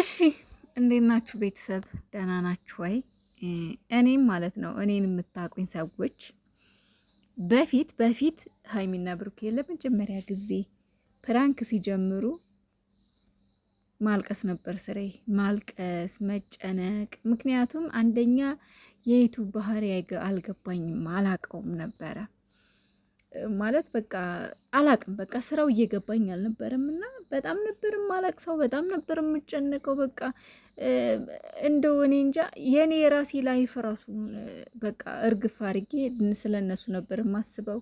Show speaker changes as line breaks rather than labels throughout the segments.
እሺ እንዴት ናችሁ ቤተሰብ? ደህና ናችሁ ወይ? እኔም ማለት ነው እኔን የምታውቁኝ ሰዎች በፊት በፊት ሀይሚና ብሩኬ ለመጀመሪያ ጊዜ ፕራንክ ሲጀምሩ ማልቀስ ነበር ስሬ፣ ማልቀስ መጨነቅ። ምክንያቱም አንደኛ የዩቱብ ባህሪ አልገባኝም አላቀውም ነበረ ማለት በቃ አላቅም በቃ ስራው እየገባኝ አልነበረም እና በጣም ነበር የማለቅሰው፣ በጣም ነበር የምጨነቀው። በቃ እንደው እኔ እንጃ የእኔ የራሴ ላይፍ ራሱ በቃ እርግፍ አድርጌ ስለ እነሱ ነበር የማስበው።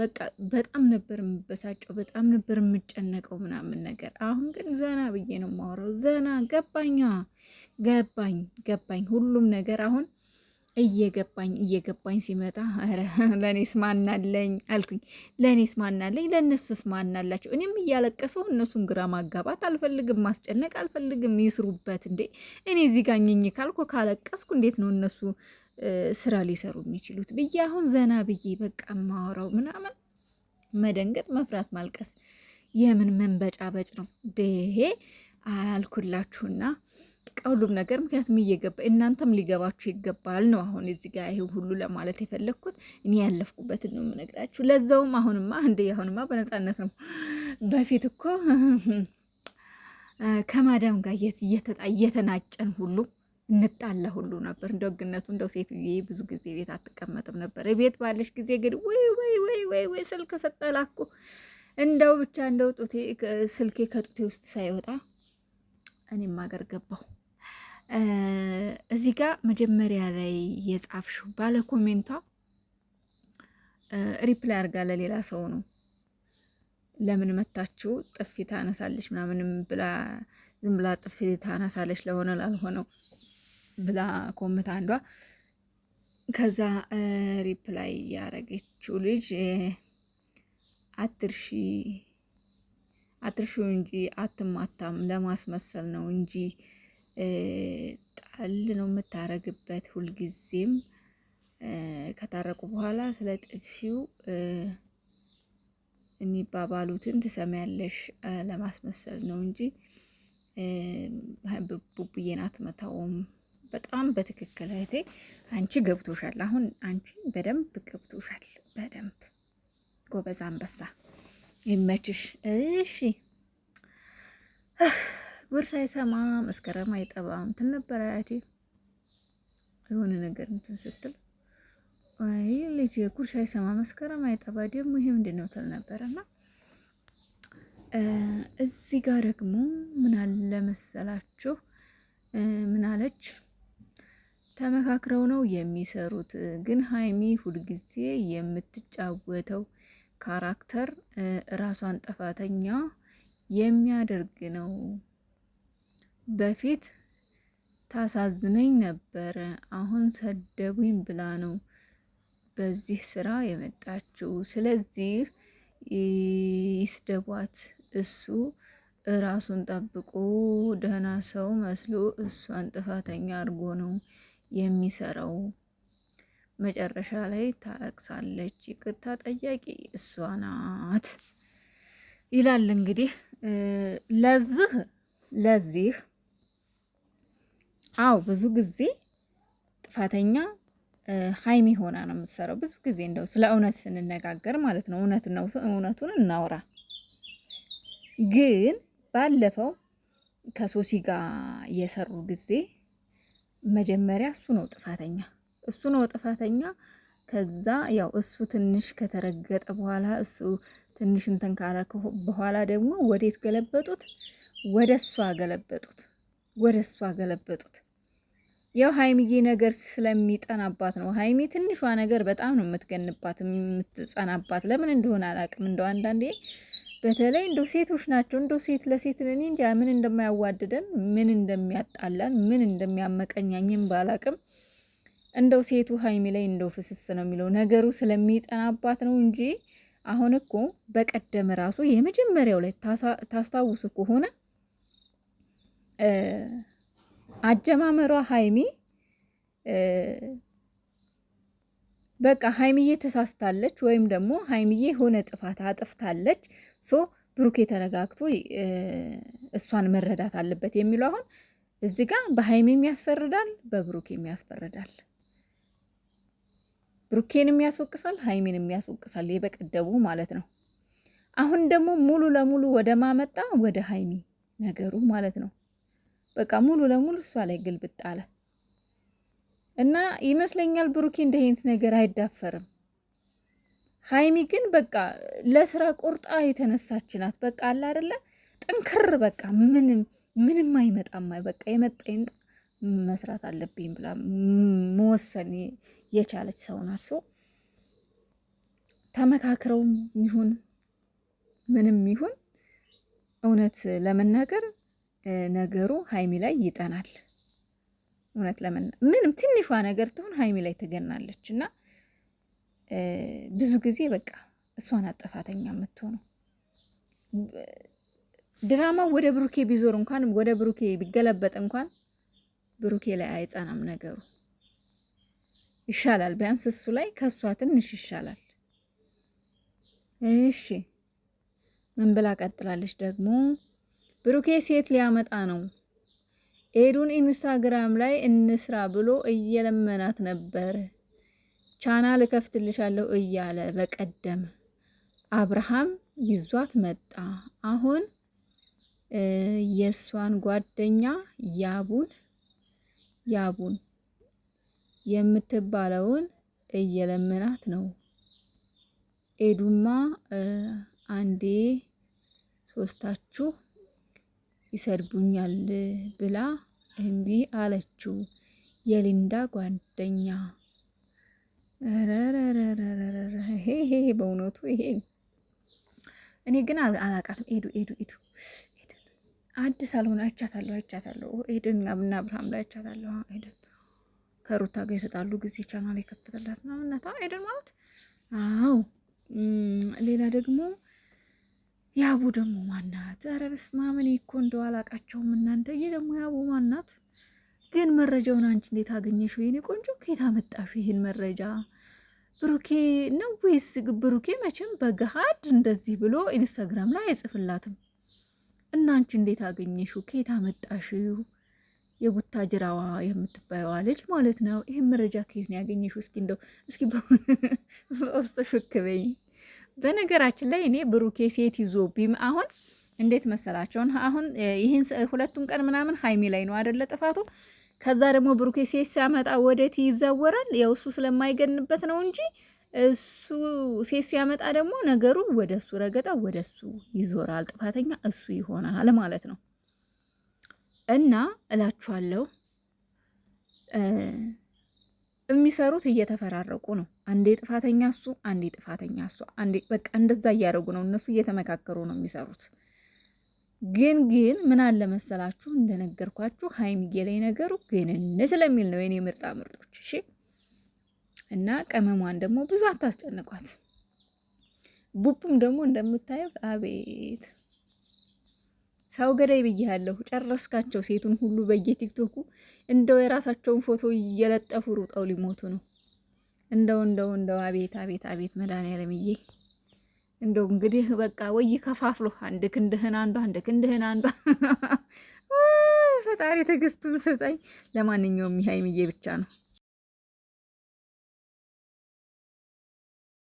በቃ በጣም ነበር የምበሳጨው፣ በጣም ነበር የምጨነቀው ምናምን ነገር። አሁን ግን ዘና ብዬ ነው የማወራው። ዘና ገባኛ ገባኝ ገባኝ ሁሉም ነገር አሁን እየገባኝ እየገባኝ ሲመጣ ኧረ ለእኔስ ማናለኝ አልኩኝ። ለእኔስ ማናለኝ? ለእነሱስ ማናላቸው? እኔም እያለቀሰው እነሱን ግራ ማጋባት አልፈልግም፣ ማስጨነቅ አልፈልግም። ይስሩበት እንዴ። እኔ እዚህ ጋር ኝኝ ካልኩ ካለቀስኩ እንዴት ነው እነሱ ስራ ሊሰሩ የሚችሉት ብዬ አሁን ዘና ብዬ በቃ ማወራው ምናምን መደንገጥ፣ መፍራት፣ ማልቀስ የምን መንበጫበጭ ነው ደሄ አልኩላችሁና በቃ ሁሉም ነገር ምክንያቱም እየገባ እናንተም ሊገባችሁ ይገባል ነው። አሁን እዚህ ጋር ይሄ ሁሉ ለማለት የፈለግኩት እኔ ያለፍኩበት ነው የምነግራችሁ። ለዛውም አሁንማ እንደ አሁንማ በነፃነት ነው። በፊት እኮ ከማዳም ጋር እየተናጨን ሁሉ እንጣላ ሁሉ ነበር። እንደው ግነቱ እንደው ሴትዬ ብዙ ጊዜ ቤት አትቀመጥም ነበር። ቤት ባለሽ ጊዜ ግን ወይ ወይ ወይ ወይ ወይ ስልክ ሰጠላኩ እንደው ብቻ እንደው ጡቴ ስልኬ ከጡቴ ውስጥ ሳይወጣ እኔም አገር ገባሁ። እዚህ ጋር መጀመሪያ ላይ የጻፍሽው ባለ ኮሜንቷ ሪፕላይ አርጋ ለሌላ ሰው ነው ለምን መታችሁ ጥፊ ታነሳለች ምናምንም ብላ ዝም ብላ ጥፊ ታነሳለች ለሆነ ላልሆነው ብላ ኮምት አንዷ ከዛ ሪፕላይ ያረገችው ልጅ አትርሺ አትርሺው እንጂ አትማታም ለማስመሰል ነው እንጂ ጣል ነው የምታረግበት ሁልጊዜም። ከታረቁ በኋላ ስለ ጥፊው የሚባባሉትን ትሰሚያለሽ ለማስመሰል ነው እንጂ ቡቡዬን አትመታውም። በጣም በትክክል እህቴ አንቺ ገብቶሻል። አሁን አንቺ በደንብ ገብቶሻል። በደንብ ጎበዝ አንበሳ ይመችሽ። እሺ ጉር ሳይሰማ መስከረም አይጠባም እንትን ነበረ አያቴ የሆነ ነገር እንትን ስትል ይህ ልጅ ጉር ሳይሰማ መስከረም አይጠባ ደግሞ ይሄ ምንድን ነው ትል ነበረ እና እዚህ ጋር ደግሞ ምን አለ መሰላችሁ ምን አለች ተመካክረው ነው የሚሰሩት። ግን ሀይሚ ሁልጊዜ የምትጫወተው ካራክተር ራሷን ጥፋተኛ የሚያደርግ ነው። በፊት ታሳዝነኝ ነበረ። አሁን ሰደቡኝ ብላ ነው በዚህ ስራ የመጣችው። ስለዚህ ይስደቧት። እሱ እራሱን ጠብቆ ደህና ሰው መስሎ እሷን ጥፋተኛ አድርጎ ነው የሚሰራው። መጨረሻ ላይ ታለቅሳለች። ይቅርታ ጠያቂ እሷ ናት ይላል እንግዲህ ለዚህ ለዚህ አው ብዙ ጊዜ ጥፋተኛ ሀይሚ ሆና ነው የምትሰራው። ብዙ ጊዜ እንደው ስለ እውነት ስንነጋገር ማለት ነው እውነት ነው እውነቱን እናውራ። ግን ባለፈው ከሶሲ ጋር የሰሩ ጊዜ መጀመሪያ እሱ ነው ጥፋተኛ እሱ ነው ጥፋተኛ። ከዛ ያው እሱ ትንሽ ከተረገጠ በኋላ እሱ ትንሽ እንትን ካለ በኋላ ደግሞ ወዴት ገለበጡት? ወደ እሷ ገለበጡት። ወደ እሷ ገለበጡት። ያው ሀይሚዬ ነገር ስለሚጠናባት ነው። ሀይሚ ትንሿ ነገር በጣም ነው የምትገንባት የምትጸናባት። ለምን እንደሆነ አላቅም። እንደው አንዳንዴ በተለይ እንደው ሴቶች ናቸው እንደው ሴት ለሴት እኔ እንጃ ምን እንደማያዋድደን ምን እንደሚያጣላን ምን እንደሚያመቀኛኝም ባላቅም እንደው ሴቱ ሀይሚ ላይ እንደው ፍስስ ነው የሚለው ነገሩ ስለሚጠናባት ነው እንጂ አሁን እኮ በቀደም ራሱ የመጀመሪያው ላይ ታስታውሱ ከሆነ አጀማመሯ ሀይሚ በቃ ሀይሚዬ ተሳስታለች ወይም ደግሞ ሀይሚዬ የሆነ ጥፋት አጥፍታለች ሶ ብሩኬ ተረጋግቶ እሷን መረዳት አለበት የሚለው አሁን እዚህ ጋ በሀይሚም ያስፈርዳል፣ በብሩኬም ያስፈርዳል። ብሩኬንም ያስወቅሳል፣ ሀይሚንም ያስወቅሳል። የበቀደቡ ማለት ነው። አሁን ደግሞ ሙሉ ለሙሉ ወደ ማመጣ ወደ ሀይሚ ነገሩ ማለት ነው። በቃ ሙሉ ለሙሉ እሷ ላይ ግልብጥ አለ እና ይመስለኛል ብሩኬ እንደ አይነት ነገር አይዳፈርም። ሀይሚ ግን በቃ ለስራ ቁርጣ የተነሳች ናት። በቃ አለ አደለ ጥንክር በቃ ምንም ምንም አይመጣም። በቃ የመጣኝ መስራት አለብኝ ብላ መወሰን የቻለች ሰው ናት። ሰው ተመካክረውም ይሁን ምንም ይሁን እውነት ለመናገር ነገሩ ሀይሚ ላይ ይጠናል። እውነት ለምን ምንም ትንሿ ነገር ትሁን ሀይሚ ላይ ትገናለች። እና ብዙ ጊዜ በቃ እሷን አጥፋተኛ የምትሆነው ድራማው ወደ ብሩኬ ቢዞር እንኳን ወደ ብሩኬ ቢገለበጥ እንኳን ብሩኬ ላይ አይጸናም ነገሩ። ይሻላል ቢያንስ እሱ ላይ ከእሷ ትንሽ ይሻላል። እሺ ምን ብላ ቀጥላለች ደግሞ? ብሩኬ ሴት ሊያመጣ ነው ኤዱን ኢንስታግራም ላይ እንስራ ብሎ እየለመናት ነበር። ቻናል እከፍትልሻለሁ እያለ በቀደም አብርሃም ይዟት መጣ። አሁን የእሷን ጓደኛ ያቡን ያቡን የምትባለውን እየለመናት ነው። ኤዱማ አንዴ ሶስታችሁ ይሰድቡኛል ብላ እምቢ አለችው። የሊንዳ ጓደኛ ረረረረረረሄሄ በእውነቱ ይሄ እኔ ግን አላቃትም። ሄዱ ሄዱ ሄዱ አዲስ አልሆነ አይቻታለሁ አይቻታለሁ ኤደን ብና አብርሃም ላይ አይቻታለሁ። ኤደን ከሩታ ጋር የተጣሉ ጊዜ ቻናል የከፈተላት ምናምን ሄደን ማለት አዎ። ሌላ ደግሞ ያቡ ደግሞ ማናት? ኧረ በስመ አብ እኔ እኮ እንደው አላቃቸውም እናንተ። ይህ ደግሞ ያቡ ማናት? ግን መረጃውን አንቺ እንዴት አገኘሽው? የኔ ቆንጆ ከየት አመጣሽው ይህን መረጃ? ብሩኬ ነው ወይስ? ብሩኬ መቼም በገሃድ እንደዚህ ብሎ ኢንስታግራም ላይ አይጽፍላትም እና አንቺ እንዴት አገኘሽ? ከየት አመጣሽው? የቡታ ጅራዋ የምትባየዋ ልጅ ማለት ነው። ይህን መረጃ ከየት ነው ያገኘሽ? እስኪ እንደው እስኪ በውስጥ ሹክ በይኝ በነገራችን ላይ እኔ ብሩኬ ሴት ይዞ ቢም አሁን እንዴት መሰላቸውን አሁን ይህን ሁለቱን ቀን ምናምን ሀይሚ ላይ ነው አደለ ጥፋቱ። ከዛ ደግሞ ብሩኬ ሴት ሲያመጣ ወደት ይዘወራል? ያው እሱ ስለማይገንበት ነው እንጂ እሱ ሴት ሲያመጣ ደግሞ ነገሩ ወደ እሱ ረገጣ ወደ እሱ ይዞራል። ጥፋተኛ እሱ ይሆናል ማለት ነው እና እላችኋለሁ የሚሰሩት እየተፈራረቁ ነው። አንዴ ጥፋተኛ እሱ፣ አንዴ ጥፋተኛ እሷ፣ አንዴ በቃ እንደዛ እያደረጉ ነው። እነሱ እየተመካከሩ ነው የሚሰሩት። ግን ግን ምን አለ መሰላችሁ እንደነገርኳችሁ ሀይሚዬ ላይ ነገሩ ግንን ስለሚል ነው የኔ ምርጣ ምርጦች። እሺ እና ቀመሟን ደግሞ ብዙ አታስጨንቋት። ቡቡም ደግሞ እንደምታዩት አቤት ሰው ገዳይ ብያለሁ። ጨረስካቸው ሴቱን ሁሉ በየቲክቶኩ እንደው የራሳቸውን ፎቶ እየለጠፉ ሩጠው ሊሞቱ ነው። እንደው እንደው እንደው አቤት አቤት አቤት መድኃኒዓለምዬ እንደው እንግዲህ በቃ ወይ ከፋፍሎ አንድ ክንድህን አንዷ አንድ ክንድህን አንዷ ፈጣሪ ትዕግስቱን ስጠኝ። ለማንኛውም ይህ ብቻ ነው።